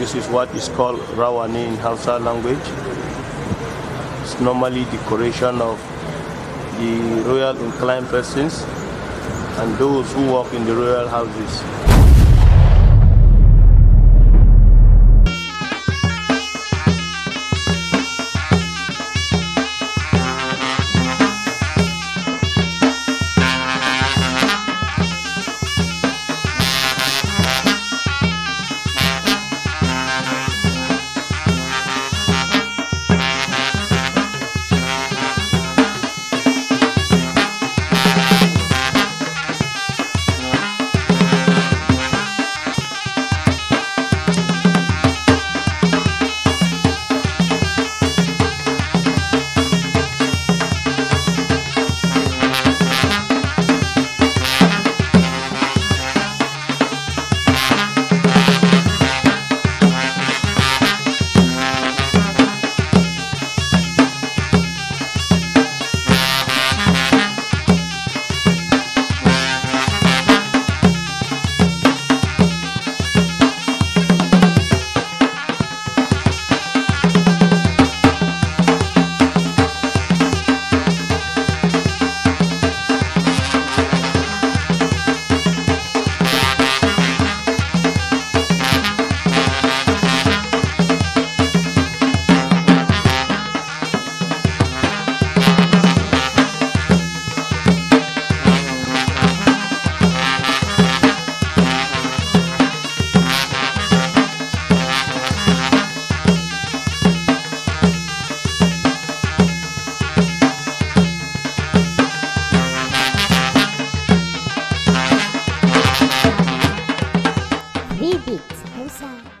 This is what is called rawani in Hausa language. It's normally decoration of the royal inclined persons and those who work in the royal houses. 我想。